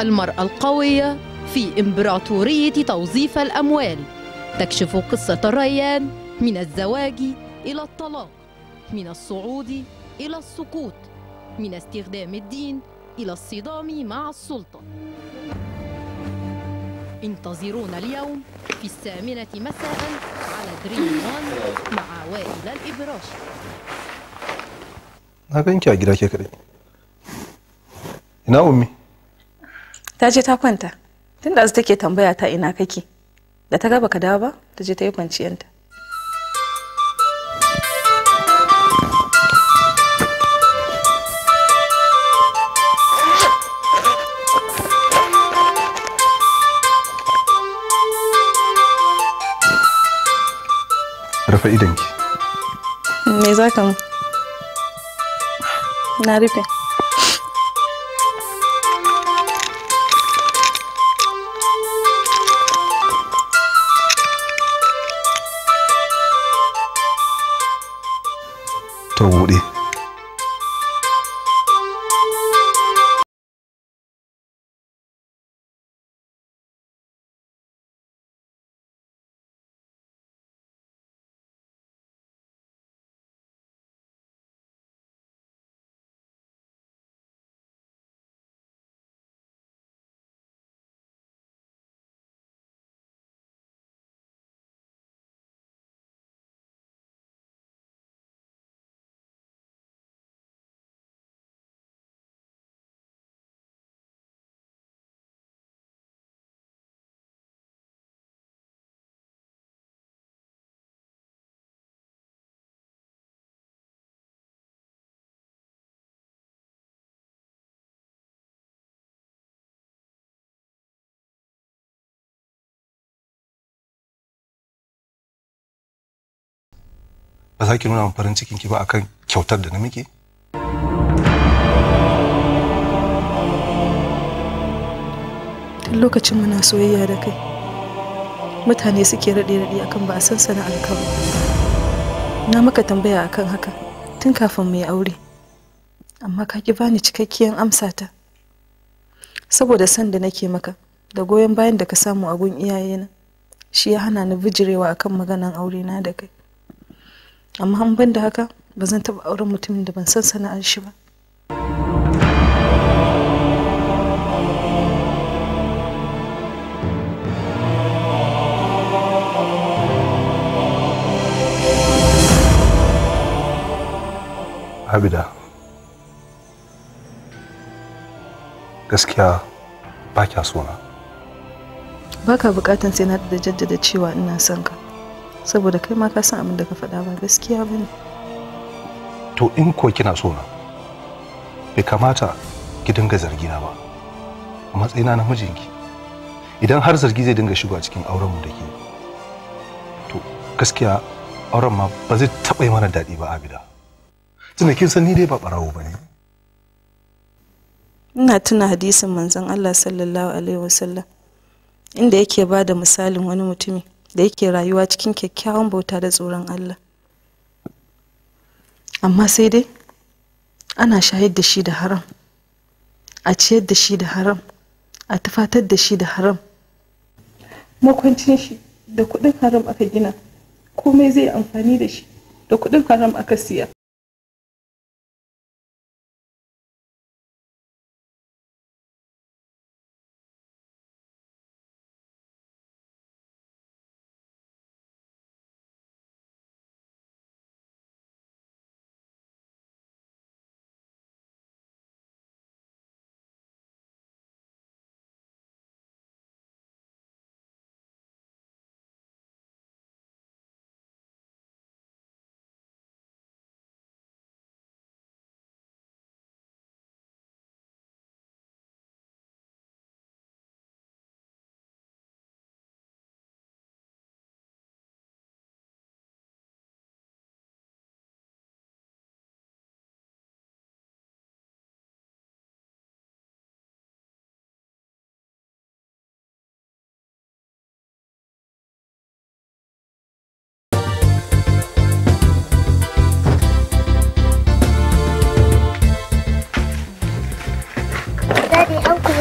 المرأة القوية في إمبراطورية توظيف الأموال تكشف قصة الريان من الزواج إلى الطلاق من الصعود إلى السقوط من استخدام الدين إلى الصدام مع السلطة انتظرونا اليوم في الثامنة مساء على دريم وان مع وائل الإبراشي هكذا انت عجلة كريم هنا أمي ta je ta kwanta tun da take tambaya ta ina kake da ta gaba ka dawo ba ta je ta yi kwanciyanta rufe idanki me za ka mu na rufe 和武力。ba za ki nuna min farin cikin ki ba akan kyautar da na muke tun lokacin muna soyayya da kai mutane suke raɗe-raɗe akan ba a san sana'ar ka ba na maka tambaya akan haka tun kafin mu yi aure amma ka ki bani cikakkiyar amsa ta saboda san da nake maka da goyon bayan da ka samu a gun iyayena shi ya hana ni bijirewa akan maganan aure na da kai amma an ban da haka ba zan taɓa auren mutumin da ban san sana'ar shi ba Abida, gaskiya ba kya sona. Ba ka bukatan sai na da jaddada cewa ina son ka. saboda kai ma ka san abin da ka faɗa ba gaskiya ba to in ko kina so na bai kamata ki dinga zargi na ba a matsayina na mijinki idan har zargi zai dinga shigo a cikin aurenmu da ke to gaskiya auren ma ba zai taɓa yi mana daɗi ba abida tunda kin san ni dai ba ɓarawo ba ne ina tuna hadisin manzon Allah sallallahu alaihi wasallam inda yake ba da misalin wani mutumi da yake rayuwa cikin kyakkyawan bauta da tsoron Allah amma sai dai ana shayar da shi da haram a ciyar da shi da haram a tufatar da shi da haram makwancin shi da kuɗin haram aka gina komai zai amfani da shi da kuɗin haram aka siya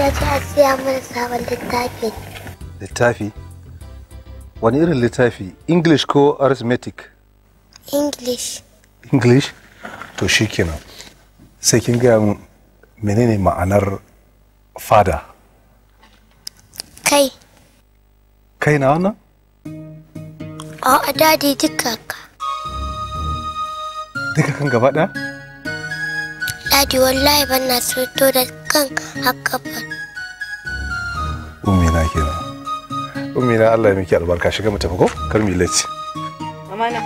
a siya mana sabon littafi. Littafi? Wani irin littafi? English ko arithmetic? English. English? To shi kenan. Sai kin gaya mun menene ma'anar fada? Kai. Kai na wannan? A adadi duka ka. Duka kan gaba ɗaya? Dadi wallahi ban na so to da kan haka ba. umina kenan umina Allah ya miki albarka shiga kama tafi ko kar mu lati amana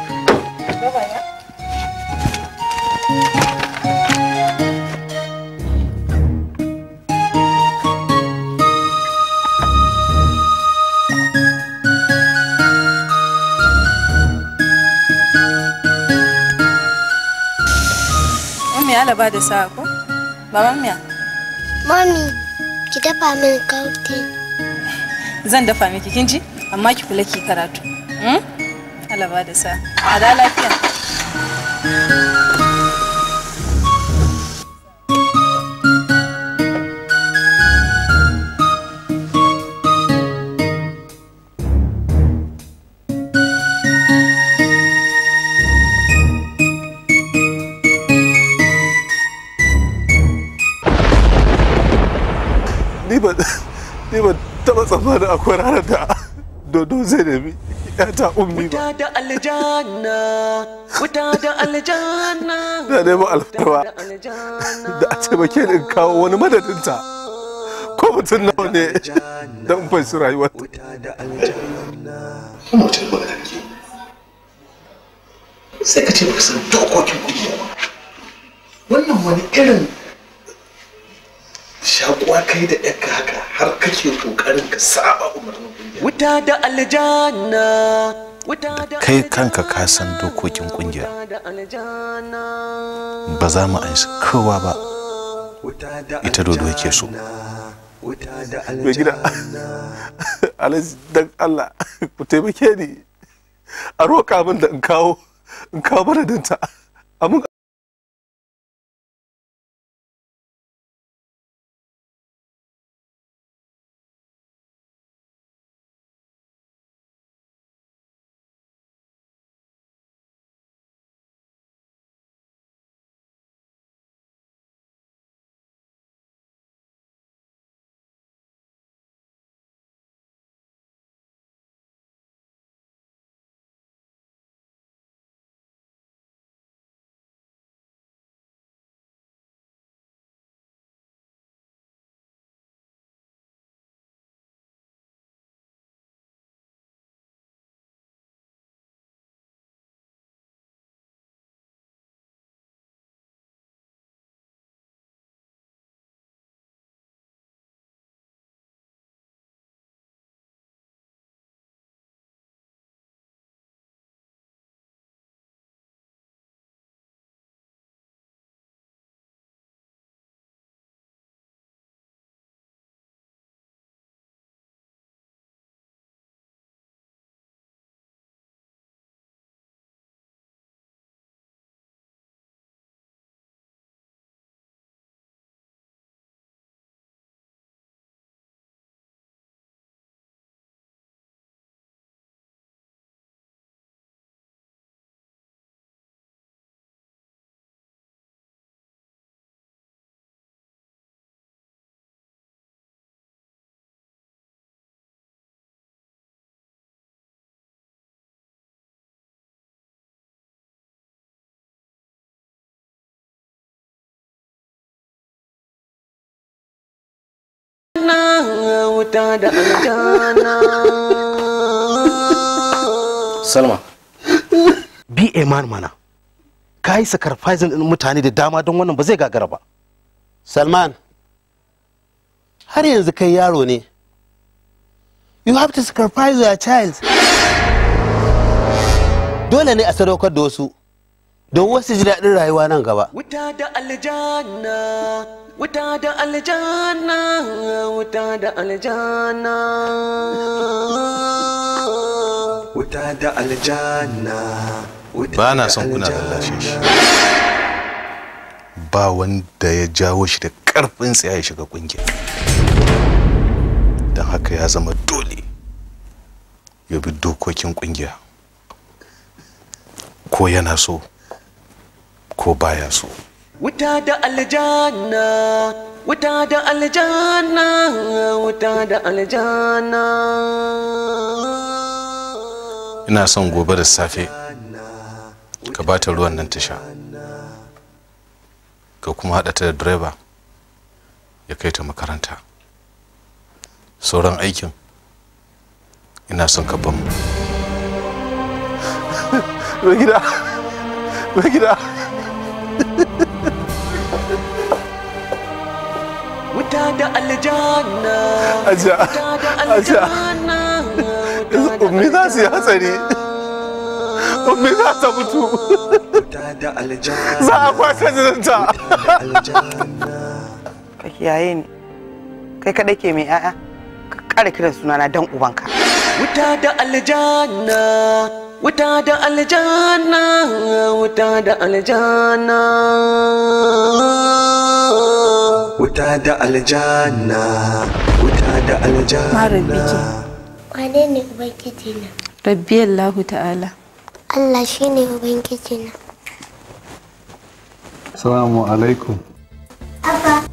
Mami ba da sa'a ko? Mama Mami, ki dafa min kautin. zan dafa miki kin ji amma ki kula ki karatu hmm? alaba da sa a da lafiya ba da akwai ranar da dodo zai nemi yata ummi ba. Wuta da aljanna, wuta da aljanna. Na neman alfarma da a taimake ni in kawo wani madadinta. Ko mutum nawa ne don fansu rayuwarta. Wuta da aljanna. mutum ba ke. Sai ka ce ba san dokokin kuɗi ba. Wannan wani irin shakuwa kai da yanka haka har kake kokarin ka saba umarnin kungiya wuta da aljanna kai kanka ka san dokokin kungiya ba za mu ansa kowa ba ita dodo yake so mai gida alaji allah ku taimake ni a roƙa min da in kawo in kawo mana dinta wuta da aljana salma bi man mana ka yi sacrificing din mutane da dama don wannan ba zai gagara ba salman har yanzu kai yaro ne you have to sacrifice your child dole ne a sadaukar da wasu don wasu ji daɗin rayuwa nan gaba wuta da aljanna wuta da aljanna wuta da aljanna wuta da aljanna ba na son kuna lallashin shi ba wanda ya jawo shi da karfin tsaya ya shiga ƙungiya. don haka ya zama dole ya bi dokokin ƙungiya ko yana so ko baya so wuta da aljanna wuta da aljanna wuta da aljanna ina son gobe da safe ka ba ta ruwan nan ta sha ka kuma haɗa ta da direba ya kai ta makaranta sauran aikin ina son ka ban mu gida gida wuta da aljanna aja aja ummi za su yi hatsari ummi za ta mutu za a kwasa jininta ka kiyaye ni kai kaɗai ke mai 'ya'ya ka ƙara kiran sunana don ubanka wuta da aljanna wuta da aljanna wuta da aljanna wuta da aljanna wuta da aljanna rabbi ke wane ne ubangiji na rabbi allah ta'ala allah shine ubangiji na assalamu alaikum abba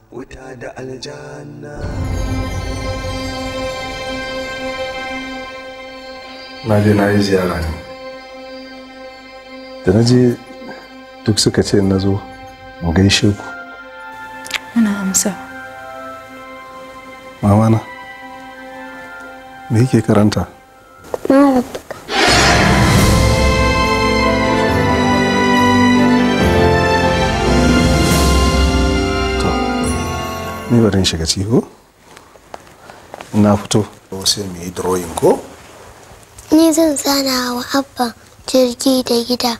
wuta da aljanna na je na yi ziyara ne da na je duk suka ce na zo mu gaishe ku ana amsa mamana me yake karanta ni barin shiga ciko na fito sai mu yi drawing ko ni zan zana wa abba jirgi da gida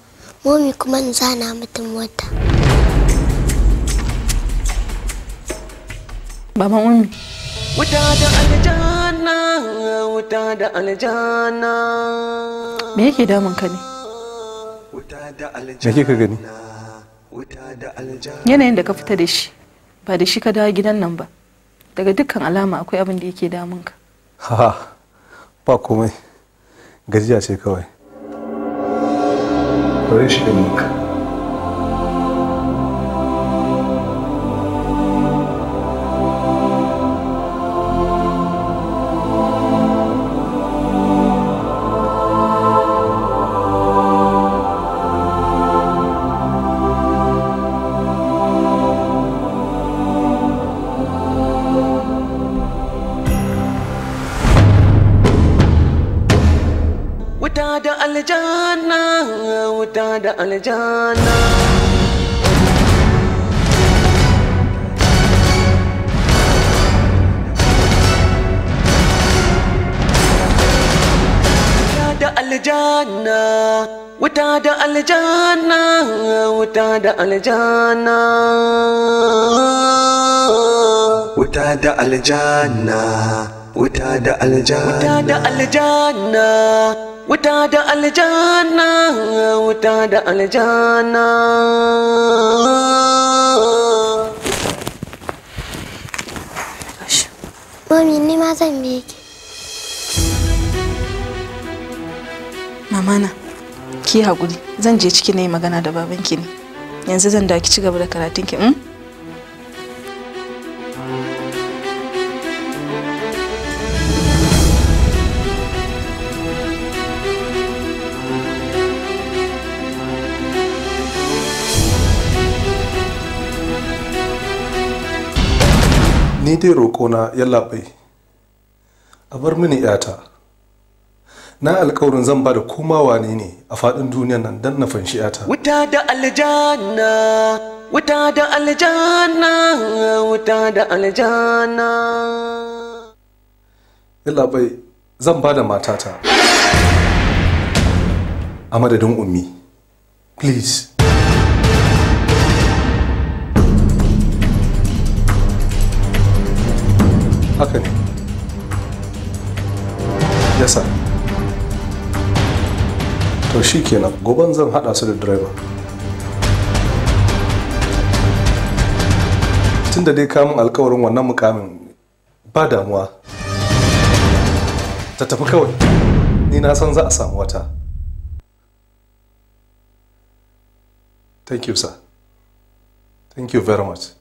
momi kuma in zana mutum wata. baba momi wuta da aljanna wuta da aljanna me yake damun ka ne me kika gani yanayin da ka fita da shi ba da shi ka dawo gidan nan ba daga dukkan alama akwai abin da yake damunka ha ba komai gajiya ce kawai shi da وتعدى الجنة وتعدى الجنة الجنة وتعدى الجنة وتعدى الجنة وتعدى الجنة wuta da aljanna wuta da aljanna wuta da aljanna wuta da aljanna Mami ni ma zan bi ki. Mamana, ki hakuri zan je ciki na yi magana da babanki ne. Yanzu zan da ki ci gaba da karatun ki. Hmm? dai roƙona ya labai a bar mini yata na alkawarin zan ba da koma wane ne a faɗin duniyan nan don na fanshi yata wuta da aljanna wuta da aljanna wuta da aljanna ya labai zan ba da matata a madadin ummi please haka ne yasa to shi kenan gobe zan hada su da direba tun da dai kamun alkawarin wannan mukamin ba damuwa ta tafi kawai ni na san za a samu wata thank you sir thank you very much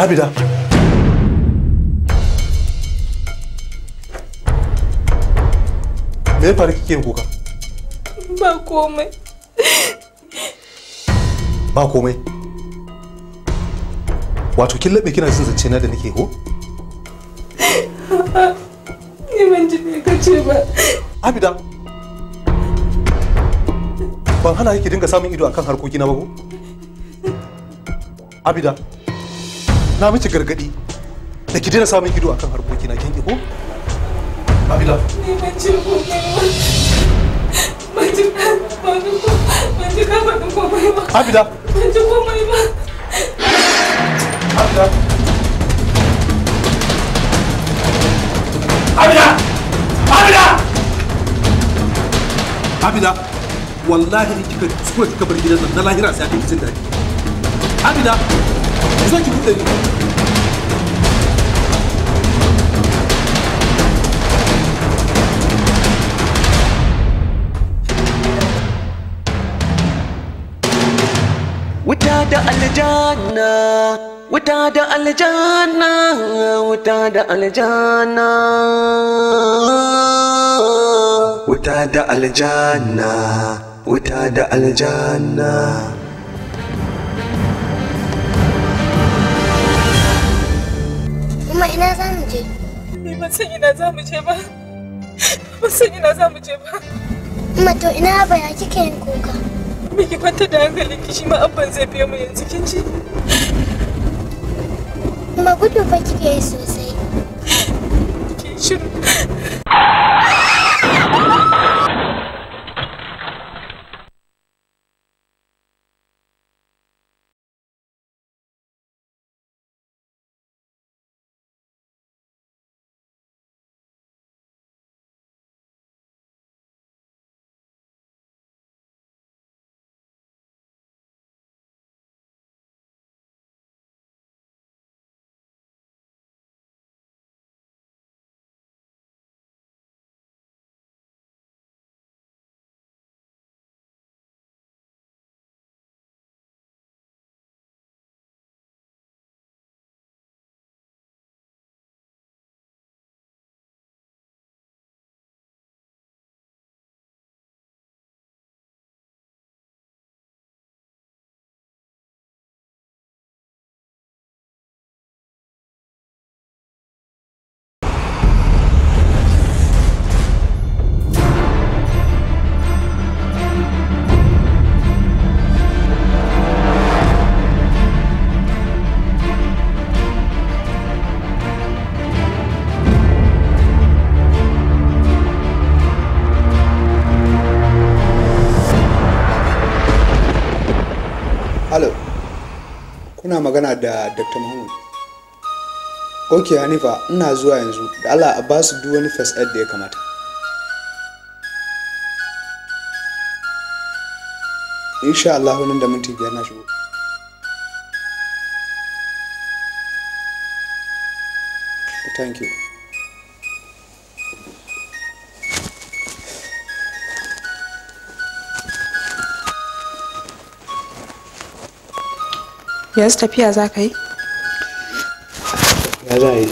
Harbiden. Me ya faru kike kuka? Ba komai. Ba komai. Wato kin laɓe kina jin zance na da nake ko? Ni ban ji me kace ba. Abida. Ban hana ki dinga samun ido akan harkokina ba ko? Abida. na miki gargadi da ki daina samun ido akan harkoki na kin ko Abila ni ban ci ko ban ka ko mai ba Abida ban ko mai ba Abida Abida Abida Abida wallahi kika kuskura kika bar gidan nan na lahira sai kin jin daɗi Abida It's like you وتاد الجنة وتاد الجنة وتاد الجنة وتاد الجنة وتاد الجنة kuma ina za mu je ni ba san ina za mu je ba ba san ina za mu je ba amma to ina ba ya kike yin kuka me ki kwanta da hankalin ki shi ma abban zai biya mu yanzu kin ji kuma gudu fa kike yi sosai Kin shiru kuna magana da dr mahmud ok hanifa ina zuwa yanzu da allah a basu duk wani first aid da ya kamata insha allah nan da minti biyar na shigo thank you yanzu tafiya za ka yi ya za yi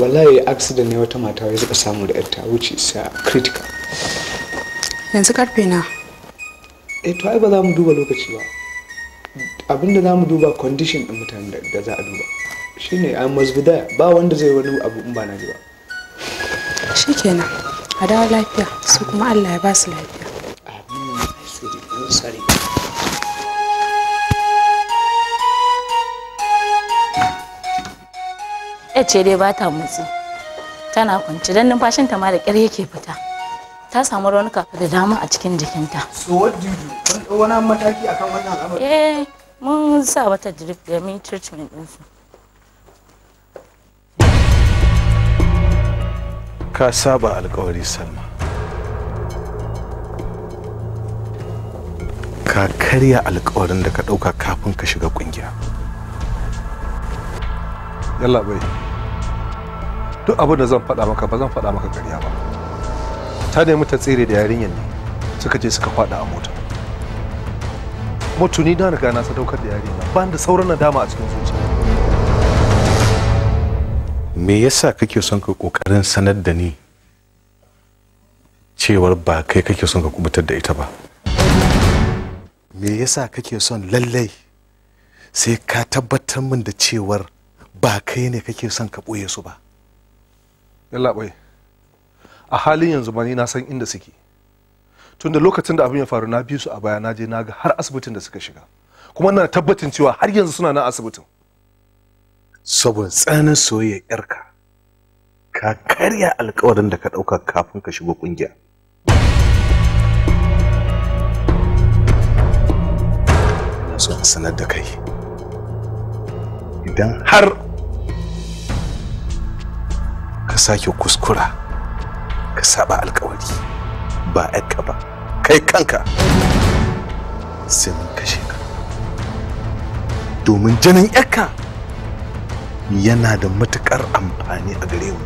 wallahi accident ne wata mata wai suka samu da yarta wuce uh, sa critical yanzu karfe na eh to ai ba za mu duba lokaci ba abinda za mu duba condition din mutane da za a duba shine I must be there ba wanda zai wani abu in ba na ji ba shikenan a dawo lafiya su kuma Allah ya ba su lafiya ce dai ba ta motsi tana kwanci don numfashinta ma da ƙyar yake fita ta samu raunuka da dama a cikin jikinta so what do you do wani mataki akan wannan al'amari eh mun sa wata drip da mi treatment din su ka saba alkawari salma ka karya alkawarin da ka ɗauka kafin ka shiga ƙungiya. yalla bai duk abin da zan faɗa maka ba zan faɗa maka ƙarya ba ta nemi ta tsere da yarinyar ne suka je suka faɗa a mota mutuni ni na riga na sadaukar da yarinya ba da sauran nadama a cikin zuciya me yasa kake son ka kokarin sanar da ni cewar ba kai kake son ka kubutar da ita ba me yasa kake son lallai sai ka tabbatar min da cewar ba kai ne kake son ka ɓoye su ba yallaɓai a halin yanzu ma ni na san inda suke tun da lokacin da abin ya faru na bi su a baya na je na ga har asibitin da suka shiga kuma na tabbatin cewa har yanzu suna na asibitin saboda tsananin soyayyar yarka ka karya alkawarin da ka ɗauka kafin ka shigo ƙungiya so in sanar da kai idan har ka sake kuskura ka saba alkawari ba yaka ba kai kanka sai mun kashe ka domin jinin yakka yana da matukar amfani a gare mu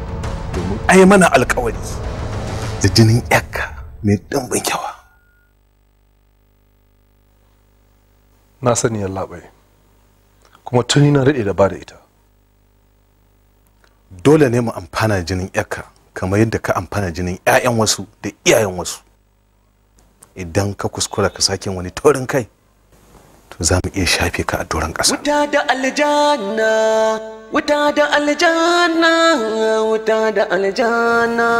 domin ai mana alkawari da jinin yakka mai dimbin kyawa na sani ya labai kuma tuni na daɗe da ba da ita dole ne mu amfana jinin yarka kamar yadda ka amfana jinin 'ya'yan wasu da iyayen wasu idan ka kuskura ka sake wani taurin kai to za mu iya shafe ka a doron ƙasa wuta da aljanna wuta da aljanna wuta da aljanna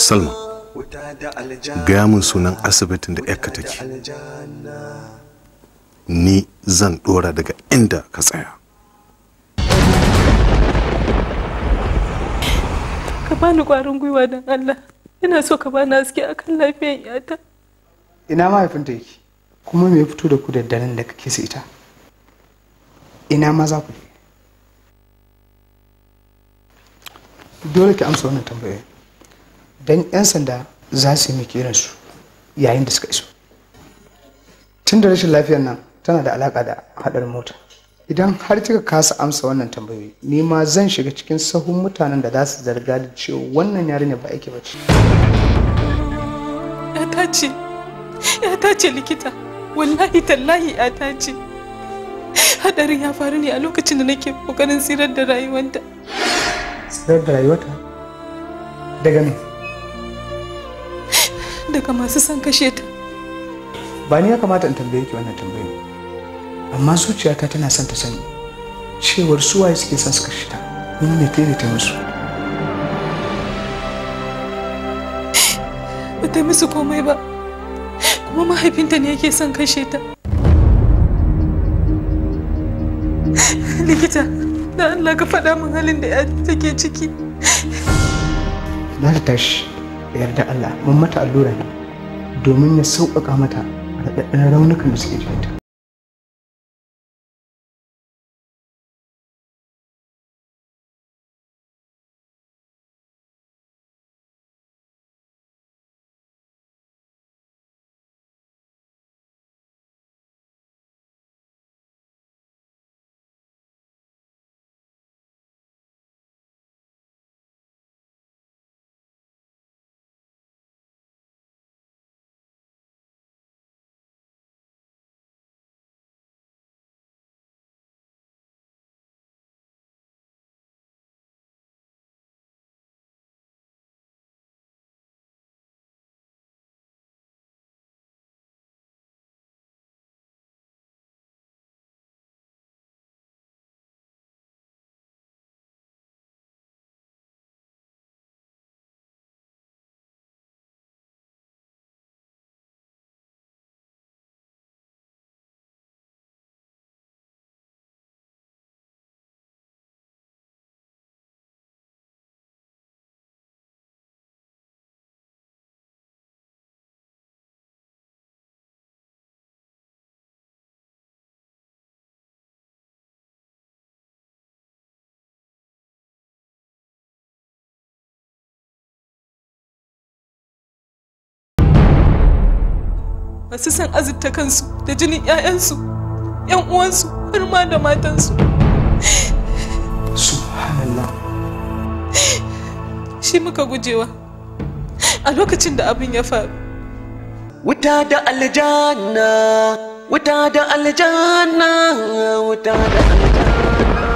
salma gaya min sunan asibitin da yarka take ni zan dora daga inda ka tsaya ka bani kwarin gwiwa don Allah ina so ka bani haske akan lafiyar yata ina mahaifinta yake kuma me ya fito da ku da daren da kake su ita ina ma za ku dole ki amsa wannan tambayoyi don 'yan sanda za su yi miki irinsu yayin da suka iso tun da rashin lafiyar nan tana da alaƙa da haɗarin mota idan har kika kasa amsa wannan tambayoyi ni ma zan shiga cikin sahun mutanen da za su zarga da cewa wannan yarinya ba aiki bace yata ce yata ce likita wallahi tallahi yata ce hadarin ya faru ne a lokacin da nake kokarin tsirar da rayuwanta tsirar da rayuwata daga ne? daga masu son kashe ta ba ni ya kamata in tambaye ki wannan tambaye amma zuciyata tana son ta sani cewar suwaye suke son su shita ta ne ta ta musu ba ta musu komai ba kuma mahaifinta ne yake son kashe ta likita da Allah ka faɗa min halin da ta take ciki na ta tashi da yarda Allah mun mata allura ne domin ya sauƙaƙa mata raɗaɗɗen raunukan da suke jikinta masu san azurta kansu da jinin 'ya'yansu 'yan uwansu har ma da matansu subhanallah shi muka gujewa a lokacin da abin ya faru wuta da aljanna wuta da aljanna wuta da aljanna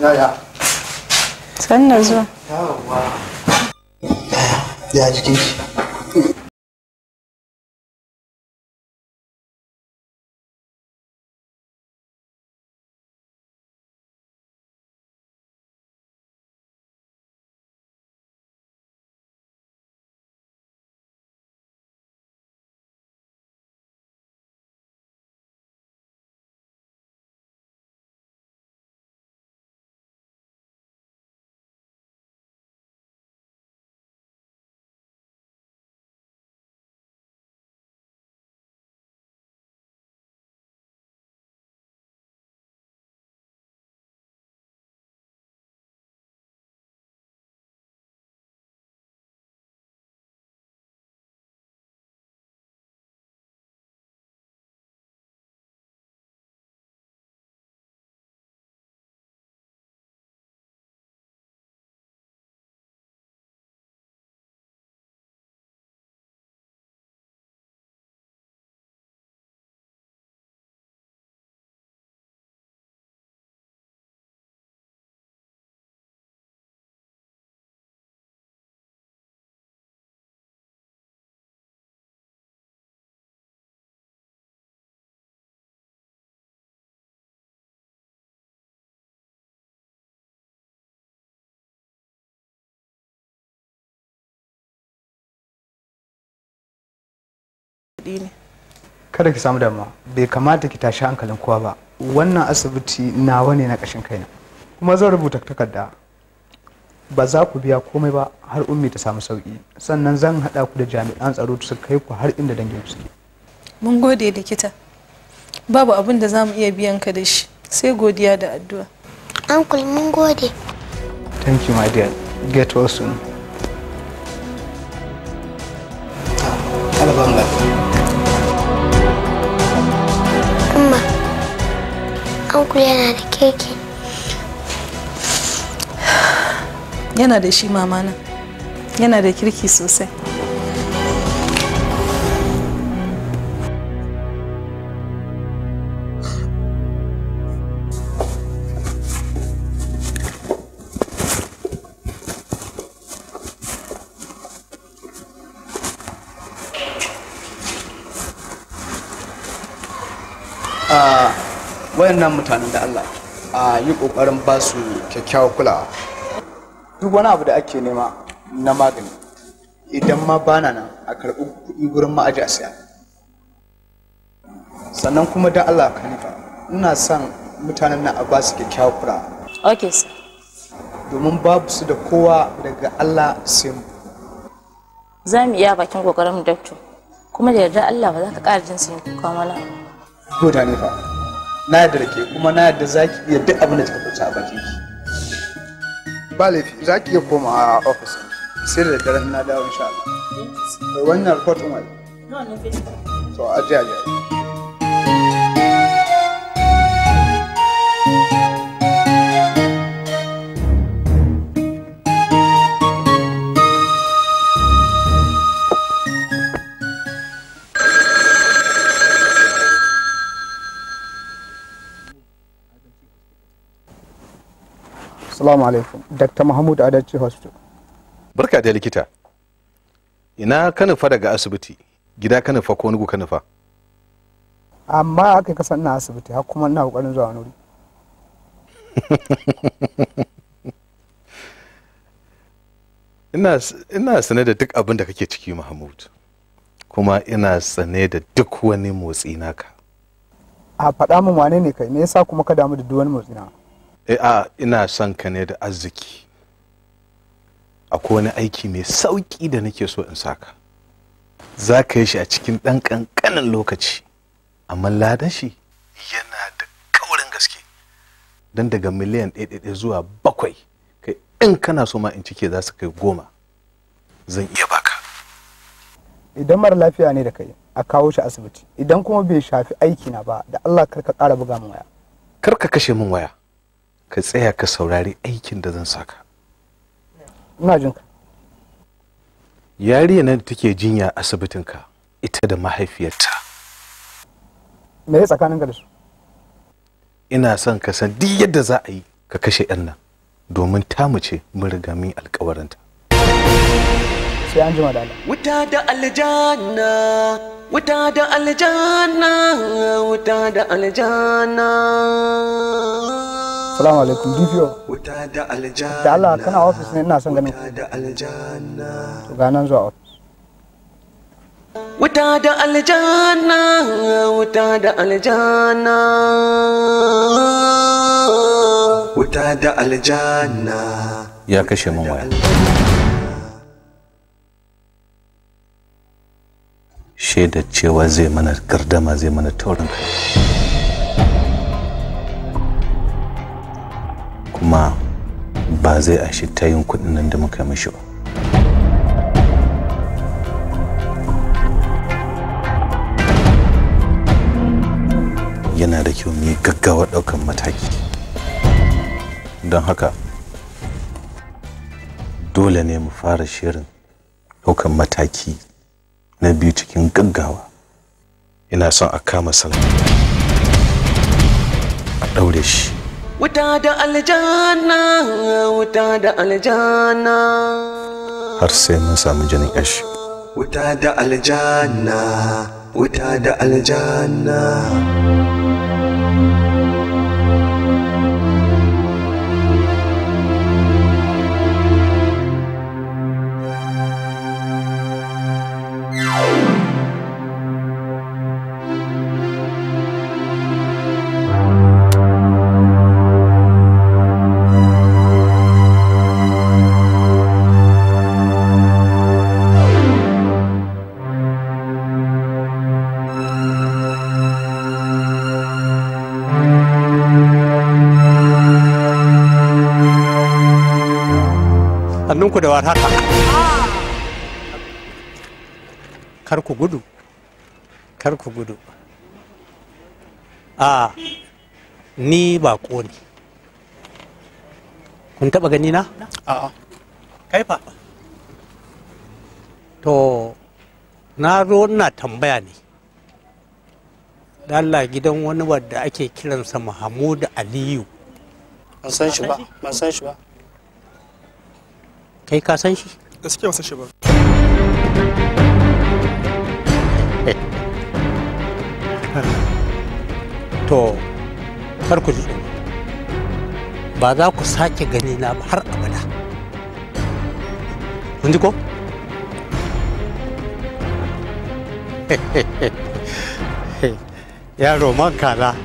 Yaya. Sannan zuwa. Yawwa. Ya jikin shi. kuɗi ne kada ki samu damuwa bai kamata ki tashi hankalin kowa ba wannan asibiti nawa ne na ƙashin kaina kuma zan rubuta takarda ba za ku biya komai ba har ummi ta samu sauƙi sannan zan haɗa ku da jami'an tsaro su kai ku har inda dangin ku suke mun gode likita babu abin da za mu iya biyan ka da shi sai godiya da addu'a uncle mun gode thank you my dear get well soon yana da keke. yana da shi mamana yana da kirki sosai waɗannan mutanen da Allah a yi ƙoƙarin ba su kyakkyawar kulawa duk wani abu da ake nema na magani idan ma ba na nan a karɓi kuɗi gurin ma'aji a siya sannan kuma da Allah ka nufa ina son mutanen nan a ba su kyakkyawar kulawa Ok, sir domin babu su da kowa daga Allah sai mu za mu iya bakin kokarin mu kuma da yarda Allah ba za ka ƙara jin sun kuka mana. Goda ne fa. na yadda da ke kuma na yadda za ki iya duk abin da kika furta a bakin ki ba laifi za ki iya koma a ofis sai da daren na dawo insha Allah wannan report din wai to aje aje Assalamu alaikum. Dr. Mahmud Adachi Hospital. Barka da likita. Ina ka nufa daga asibiti? Gida ka nufa ko nugu ka nufa? Amma aka kasa ina asibiti har kuma ina kokarin zuwa nuri. ina sane da duk abin da kake ciki Mahmud. Kuma ina sane da duk wani motsi naka. A faɗa min wane ne kai me yasa kuma ka damu da duk wani motsi naka? e a ina son ka ne da arziki akwai wani aiki mai sauƙi da nake so in saka za ka yi shi a cikin ɗan ƙanƙanin lokaci amma ladan shi yana da kaurin gaske don daga miliyan ɗaya zuwa bakwai kai in kana so ma in cike za su kai goma zan iya baka idan mara lafiya ne da kai a kawo shi asibiti idan kuma bai shafi aiki na ba da allah karka ƙara buga min waya karka kashe min waya ka tsaya ka saurari aikin da zan saka ina ka yariya nan take jinya asibitinka ita da mahaifiyarta me ya tsakanin da su ina son ka san duk yadda za a yi ka kashe yan nan domin ta muce mun riga mun alkawarinta sai an jima da wuta da aljanna wuta da aljanna wuta da aljanna Salamu alaikum DPO. Wuta da aljanna. Da Allah kana office ne ina son ganin. ku. ga nan zuwa office. Wuta da aljanna, wuta da aljanna. Wuta da aljanna. Ya kashe min waya. Shaidar cewa zai mana gardama zai mana taurin kai. kuma ba zai anshi ta yin kuɗin nan da muka mishi ba yana da kyau mu yi gaggawa ɗaukan mataki don haka dole ne mu fara shirin ɗaukan mataki na biyu cikin gaggawa ina son a kama salama a ɗaure shi wuta da aljanna wuta da aljanna har sai mun samu jinin kashi wuta da aljanna wuta da aljanna da haka kar ku gudu kar ku gudu a ni ba ne kun taba gani na? a'a kaifa to na zo na tambaya ne Allah gidan wani wadda ake kiransa Muhammadu Aliyu. Ban san shi ba, ban san shi ba. kai ka san shi suke wasan shi ba to har ku ji ba za ku sake gani na ba har abada kun ji ko yaro man kala.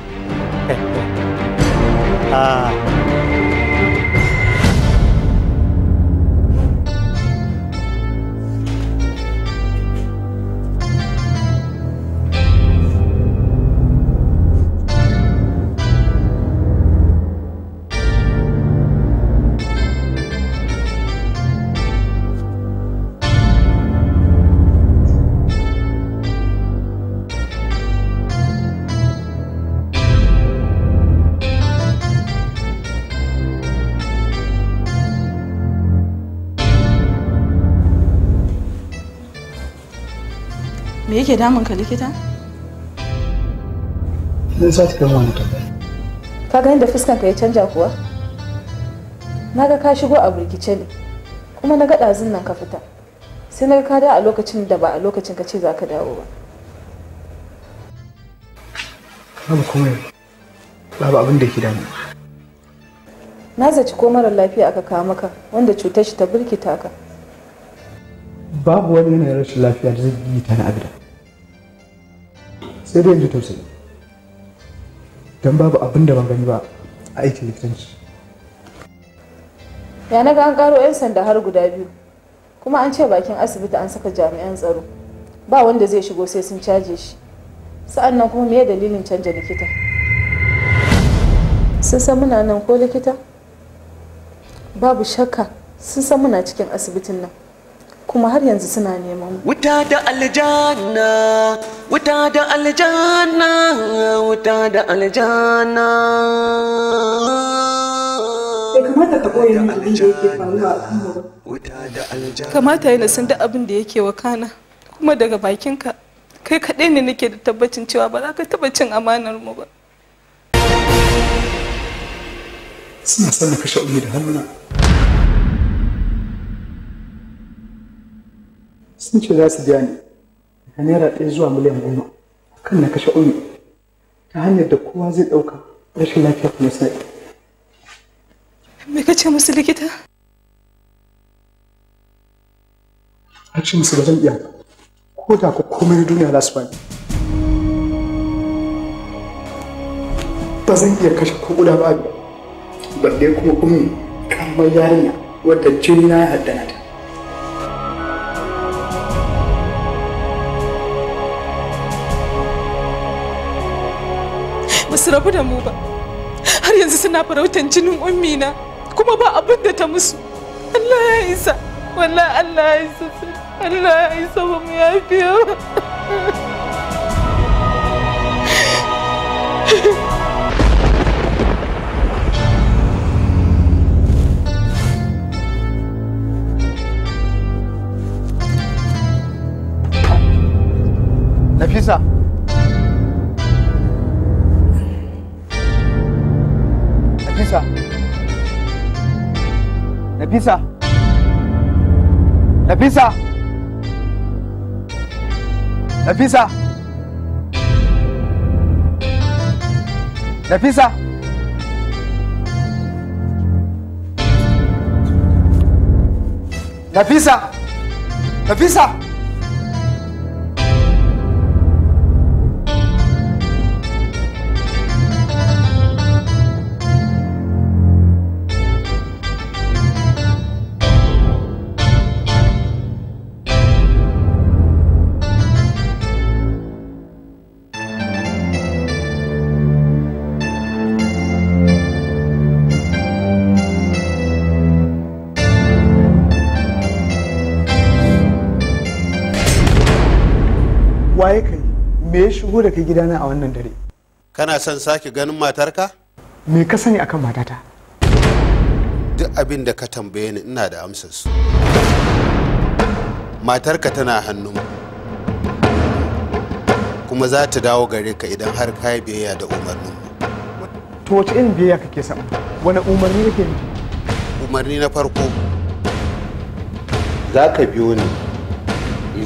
ah yake damun ka likita? Zan sa cikin wani ta. Ka ga yadda fuskar ka ya canja kuwa? Na ga ka shigo a burkice ne, kuma na ga ɗazun nan ka fita. Sai na ka da a lokacin da ba a lokacin ka ce za ka dawo ba. Babu komai, babu abin da ke damu. Na zaci ko marar lafiya aka kawo maka wanda cutar shi ta birkita ka. babu wani yanayin rashin lafiya da zai yi ta na abida sai dai in ji tausayi don babu abin da ban gani ba a aikin likitanci ya na ga an karo 'yan sanda har guda biyu kuma an ce bakin asibiti an saka jami'an tsaro ba wanda zai shigo sai sun caje shi sa'an nan kuma meye dalilin canja likita sun san muna nan ko likita babu shakka sun san muna cikin asibitin nan kuma har yanzu suna neman wuta da aljanna wuta da aljanna wuta da aljanna kamata ka koyi min abin da yake faruwa a kan ba kamata yana san duk abin da yake kana kuma daga bakinka kai kaɗai ne nake da tabbacin cewa ba za ka taɓa cin amanar mu ba suna son na kashe umi da hannuna sun ce za su biya ni daga naira ɗaya zuwa miliyan goma kan na kashe umi ta hanyar da kowa zai ɗauka rashin lafiya kuma sai me kace musu likita a ce musu ba zan iya ko da ku komai na duniya za su bani ba zan iya kashe ko guda ba balle kuma umi kamar yarinya wadda jini na ya haddana ta su rabu da mu ba har yanzu suna farautan jinin ummina kuma ba abin da ta musu Allah ya isa wallahi Allah ya isa Allah ya isa ba mu yafiya ba Nafisa. Nafisa. Nafisa. Nafisa. Nafisa. Nafisa. Nafisa. Nafisa. shigo da kai gidana a wannan dare kana son sake ganin matarka me ka sani akan matata duk abin da ka tambaye ni ina da amsar su matarka tana hannun kuma za ta dawo gare ka idan har ka yi biyayya da umarnin to wace irin biyayya kake son wani umarni nake umarni na farko za ka biyo ni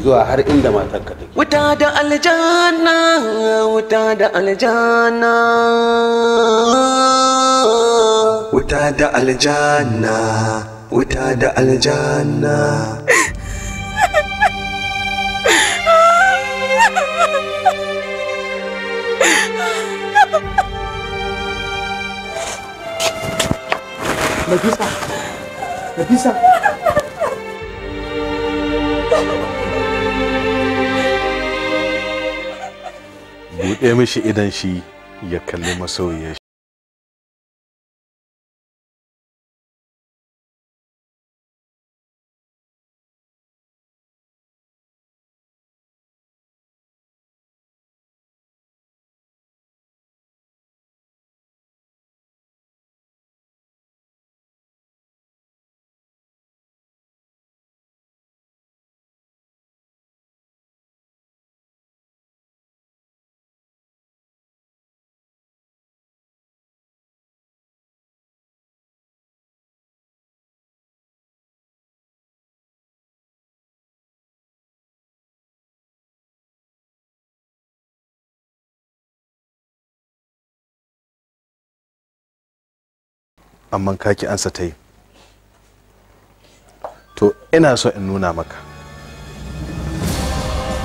zuwa har inda matar ka take wuta da aljanna wuta da aljanna wuta da aljanna wuta da aljanna Nafisa, Nafisa. buɗe mishi idan shi ya kalli masoyiyar amma kaki ansa ta yi to ina so in nuna maka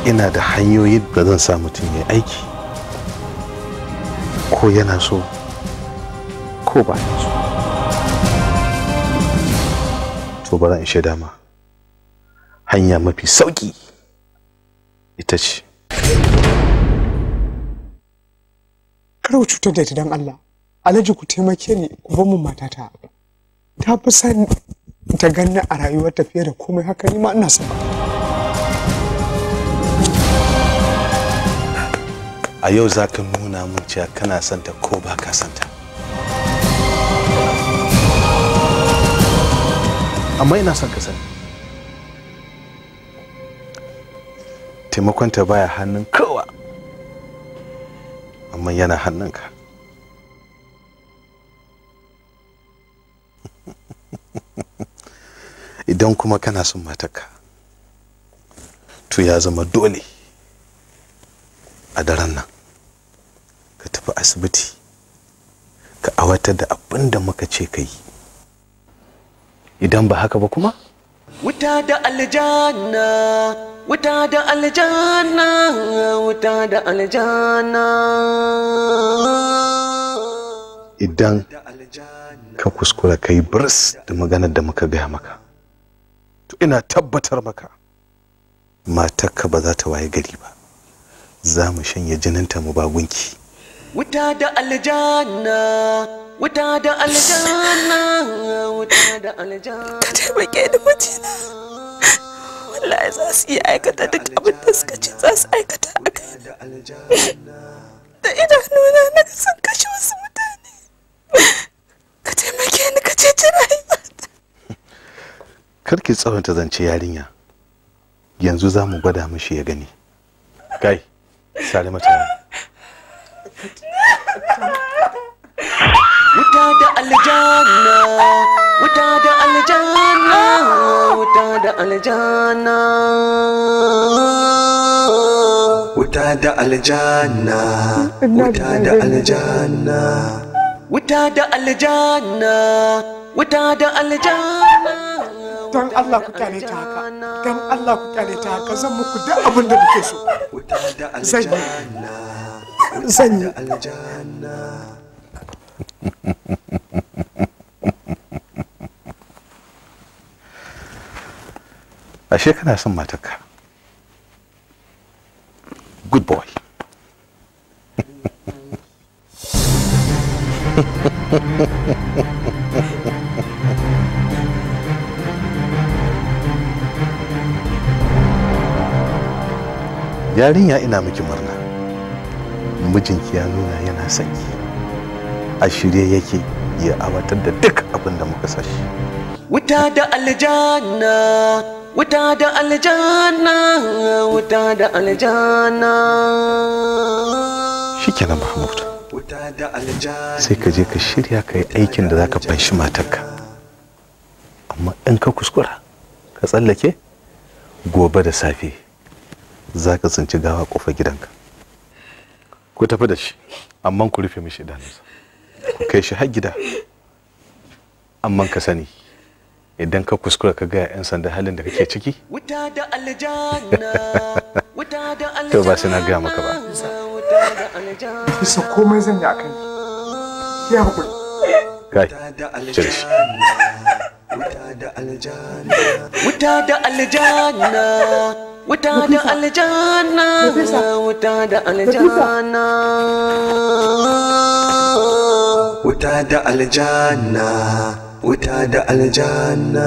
ina da hanyoyi da zan sa mutum ya aiki ko yana so ko ba ya so to ba zan ishe dama hanya mafi sauki ita ce ku cutar da ita don Allah alhaji ku taimake ni ku bar matata ta fi san ta ganna a rayuwar tafiya da komai haka ni ma ina son a yau za ka nuna mun cewa kana ta ko ba ka ta amma ina son ka sani ta baya hannun kowa amma yana hannunka idan kuma kana son matarka to ya zama dole a daren nan ka tafi asibiti ka awatar da abin da muka ce ka yi idan ba haka ba kuma wuta da aljanna wuta da aljanna wuta da aljanna idan ka kuskura ka yi birs da maganar da muka gaya maka to ina tabbatar maka matarka ba za ta waye gari ba za mu shanye jininta mu ba gunki wuta da aljanna wuta da aljanna wuta da aljanna ka taimake da mijina wallahi za su iya aikata duk abin da suka ce za su aikata a kai da idanuna na sun kashe wasu mutane ka taimake ni ka ceci rayuwata ki tsawanta zance yarinya yanzu za mu gwada mishi ya gani kai sare mata wuta da aljanna wuta da aljanna wuta da aljanna wuta da aljanna wuta da aljanna wuta da aljanna wuta da aljanna don Allah ku kyale ta haka don Allah ku kyale ta haka zan muku da abin da kuke so zan yi zan yi ashe kana son matarka good boy yarinya ina miki murna mijinki ya nuna yana sanki a shirye yake ya awatar da duk abin da muka sashi wuta da aljanna wuta da aljanna wuta da aljanna shikenan mahmud sai ka je ka shirya ka yi aikin da za ka fanshi matarka amma in ka kuskura ka tsallake gobe da safe za ka tsinci gawa kofa gidanka ku tafi da shi amma ku rufe mishi idanunsa ku kai shi har gida amma ka sani idan ka kuskura ka gaya 'yan sanda halin da kake ciki to ba sai na gaya maka ba bisa komai zan yi a kan ya haƙuri Kai, cire shi wuta da aljanna wuta da aljanna wuta da aljanna wuta da aljanna wuta da aljanna wuta da aljanna